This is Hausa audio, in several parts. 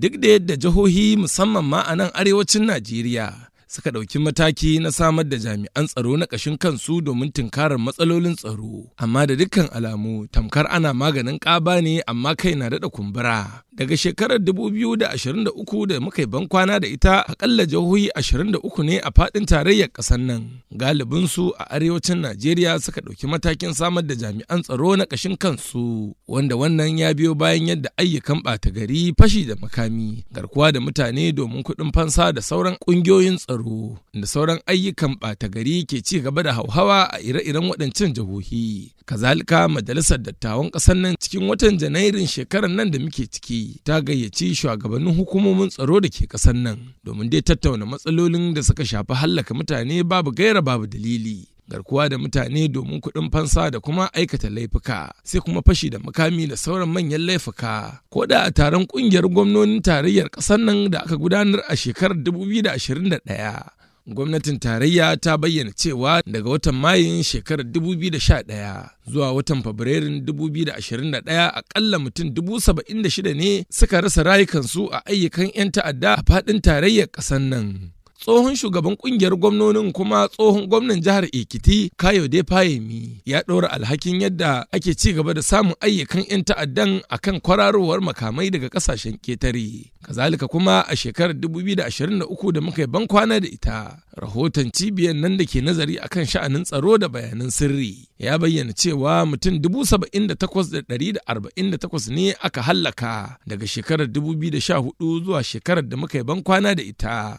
duk da yadda jihohi musamman ma a nan arewacin Najeriya suka ɗauki mataki na samar da jami'an tsaro na ƙashin kansu domin tunkarar matsalolin tsaro amma da dukkan alamu tamkar ana maganin ƙaba ne amma kai na daɗa kumbura daga shekarar 2023 da muka yi bankwana da ita aƙalla jihohi 23 ne a faɗin tarayyar ƙasar nan galibinsu a arewacin najeriya suka ɗauki matakin samar da jami'an tsaro na ƙashin kansu wanda wannan ya biyo bayan yadda ayyukan ɓata gari fashi da makami garkuwa da mutane domin kuɗin fansa da sauran ƙungiyoyin tsaro tsaro da sauran ayyukan ɓata gari ke ci gaba da hauhawa a ire-iren waɗancan jihohi. Kazalika majalisar dattawan ƙasar nan cikin watan Janairun shekarar nan da muke ciki ta gayyaci shugabannin hukumomin tsaro da ke ƙasar nan domin dai tattauna matsalolin da suka shafi hallaka mutane babu gaira babu dalili. garkuwa da mutane domin kuɗin fansa da kuma aikata laifuka sai kuma fashi da makami da sauran manyan laifuka ko da a taron ƙungiyar gwamnonin tarayyar ƙasar nan da aka gudanar a shekarar 2021 gwamnatin tarayya ta bayyana cewa daga watan mayun shekarar 2011 zuwa watan fabrairun 2021 akalla mutum 76 ne suka rasa rayukansu a ayyukan 'yan ta'adda a faɗin tarayyar ƙasar nan tsohon shugaban kungiyar gwamnonin kuma tsohon gwamnan jihar Ekiti Kayode Fayemi ya ɗora alhakin yadda ake ci gaba da samun ayyukan 'yan ta'addan kan kwararowar makamai daga ƙasashen ketare. Kazalika kuma a shekarar 2023 da muka yi ban kwana da ita, rahoton cibiyar nan da ke nazari a kan sha'anin tsaro da bayanan sirri ya bayyana cewa mutum 78,148 ne aka hallaka daga shekarar 2014 zuwa shekarar da muka yi ban kwana da ita.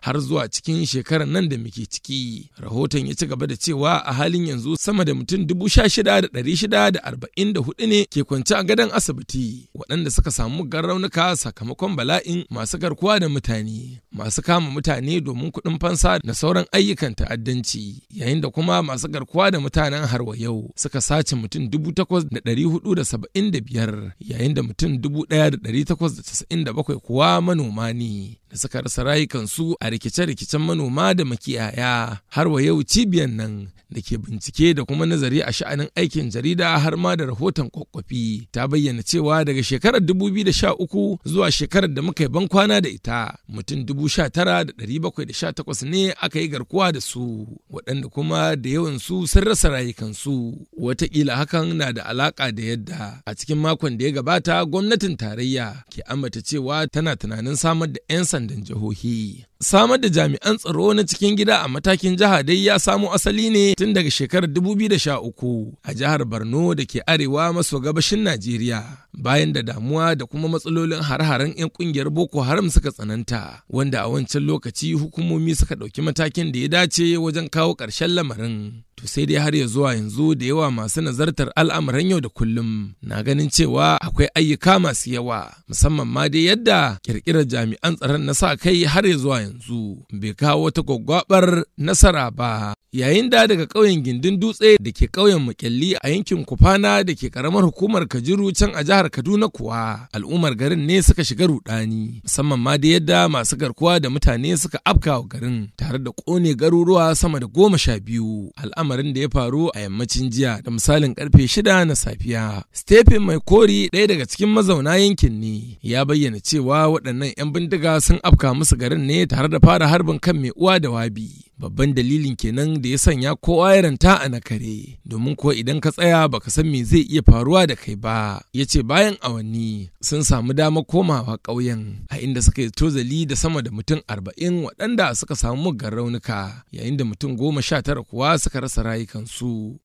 har zuwa cikin shekarar nan da muke ciki. Rahoton ya ci gaba da cewa a halin yanzu sama da mutum dubu sha shida da ɗari shida da arba'in da hudu ne ke kwance a gadon asibiti waɗanda suka samu garraunuka sakamakon bala'in masu garkuwa da mutane. masu kama mutane domin kuɗin fansa da sauran ayyukan ta'addanci yayin da kuma masu garkuwa da mutanen harwa yau suka sace mutum dubu takwas da dari hudu da saba'in da biyar yayin da mutum dubu ɗaya da dari takwas da casa'in da bakwai kuwa manoma ne da suka rasa rayukansu a rikice-rikicen manoma da makiyaya harwa yau cibiyar nan da ke bincike da kuma nazari a sha'anin aikin jarida har ma da rahoton kwakwafi ta bayyana cewa daga shekarar 2013 zuwa shekarar da muka yi bankwana da ita mutum 19,718 ne aka yi garkuwa da su waɗanda kuma da yawan su sun rasa rayukansu watakila hakan na da alaƙa da yadda a cikin makon da ya gabata gwamnatin tarayya ke ambata cewa tana tunanin samar da 'yan sandan jihohi samar da jami'an tsaro na cikin gida a matakin jiha dai ya samo asali ne tun daga shekarar 2013 a jihar borno da ke arewa maso gabashin najeriya bayan da damuwa da kuma matsalolin har-haren 'yan kungiyar Boko Haram suka tsananta, wanda a wancan lokaci hukumomi suka ɗauki matakin da ya dace wajen kawo ƙarshen lamarin. To sai dai har ya zuwa yanzu da yawa masu nazartar al'amuran yau da kullum na ganin cewa akwai ayyuka masu yawa musamman ma dai yadda kirkirar jami'an tsaron na sa kai har ya zuwa yanzu bai kawo wata gwaggwabar nasara ba. Yayin da daga ƙauyen gindin dutse da ke ƙauyen Mukyalli a yankin Kufana da ke ƙaramar hukumar Kajiru can a jihar Kaduna kuwa al'ummar garin ne suka shiga rudani musamman ma dai yadda masu garkuwa da mutane suka afkawa garin tare da ƙone garuruwa sama da goma sha biyu al'amari lamarin da ya faru a yammacin jiya da misalin karfe shida na safiya. Stephen mai kori ɗaya daga cikin mazauna yankin ne ya bayyana cewa waɗannan 'yan bindiga sun afka musu garin ne tare da fara harbin kan mai uwa da wabi. babban dalilin kenan da ya sanya kowa ya ranta a nakare domin kuwa idan ka tsaya baka san me zai iya faruwa da kai ba ya ce bayan awanni sun samu dama komawa ƙauyen a inda suka yi tozali da sama da mutum arba'in waɗanda suka samu muggan raunuka yayin da mutum goma sha tara kuwa suka rasa rayukansu